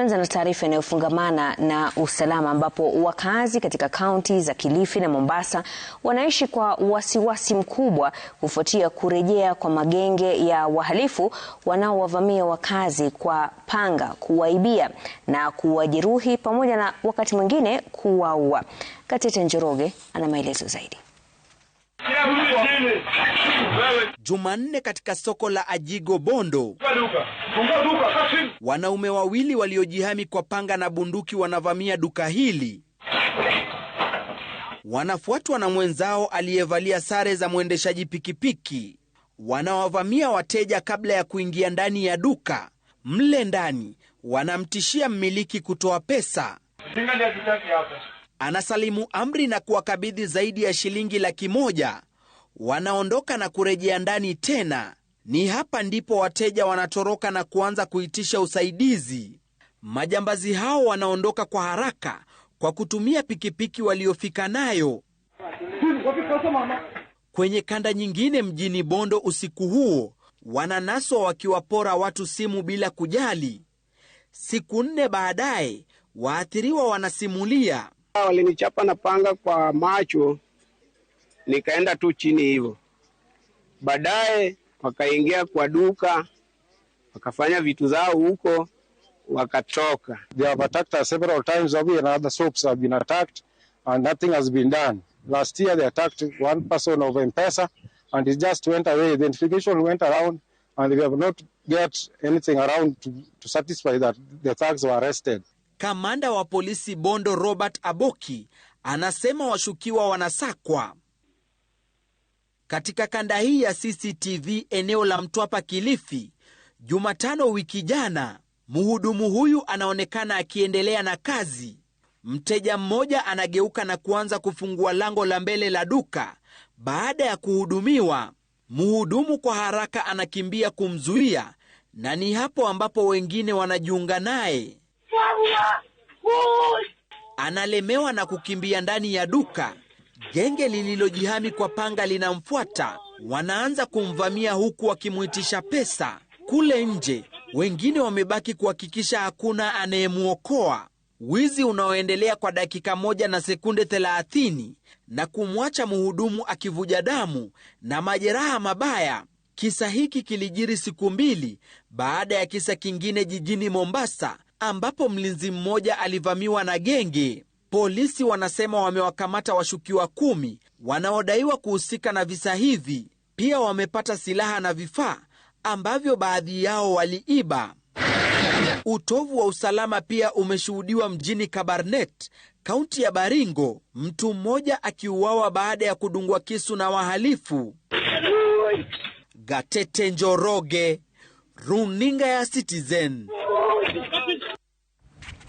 Tuanze na taarifa inayofungamana na usalama ambapo wakazi katika kaunti za Kilifi na Mombasa wanaishi kwa wasiwasi mkubwa kufuatia kurejea kwa magenge ya wahalifu wanaowavamia wakazi kwa panga, kuwaibia na kuwajeruhi pamoja na wakati mwingine kuwaua. Katete Njoroge ana maelezo zaidi. Jumanne katika soko la Ajigo Bondo. Wanaume wawili waliojihami kwa panga na bunduki wanavamia duka hili. Wanafuatwa na mwenzao aliyevalia sare za mwendeshaji pikipiki. Wanawavamia wateja kabla ya kuingia ndani ya duka. Mle ndani wanamtishia mmiliki kutoa pesa. Anasalimu amri na kuwakabidhi zaidi ya shilingi laki moja wanaondoka na kurejea ndani tena. Ni hapa ndipo wateja wanatoroka na kuanza kuitisha usaidizi. Majambazi hao wanaondoka kwa haraka kwa kutumia pikipiki waliofika nayo. Kwenye kanda nyingine mjini Bondo usiku huo, wananaswa wakiwapora watu simu bila kujali. Siku nne baadaye, waathiriwa wanasimulia, walinichapa na panga kwa macho nikaenda tu chini hivyo. Baadaye wakaingia kwa duka wakafanya vitu zao huko wakatoka. They have attacked us several times and other soaps have been attacked and nothing has been done. Last year they attacked one person of M-Pesa and it just went away. The investigation went around and we have not get anything around to, to satisfy that the thugs were arrested. Kamanda wa polisi Bondo Robert Aboki anasema washukiwa wanasakwa katika kanda hii ya CCTV eneo la Mtwapa, Kilifi, Jumatano wiki jana, mhudumu huyu anaonekana akiendelea na kazi. Mteja mmoja anageuka na kuanza kufungua lango la mbele la duka baada ya kuhudumiwa. Mhudumu kwa haraka anakimbia kumzuia, na ni hapo ambapo wengine wanajiunga naye. Analemewa na kukimbia ndani ya duka Genge lililojihami kwa panga linamfuata, wanaanza kumvamia huku wakimwitisha pesa. Kule nje wengine wamebaki kuhakikisha hakuna anayemwokoa. Wizi unaoendelea kwa dakika moja na sekunde 30 na kumwacha mhudumu akivuja damu na majeraha mabaya. Kisa hiki kilijiri siku mbili baada ya kisa kingine jijini Mombasa ambapo mlinzi mmoja alivamiwa na genge. Polisi wanasema wamewakamata washukiwa kumi wanaodaiwa kuhusika na visa hivi. Pia wamepata silaha na vifaa ambavyo baadhi yao waliiba. Utovu wa usalama pia umeshuhudiwa mjini Kabarnet, kaunti ya Baringo, mtu mmoja akiuawa baada ya kudungwa kisu na wahalifu. Gatete Njoroge, runinga ya Citizen.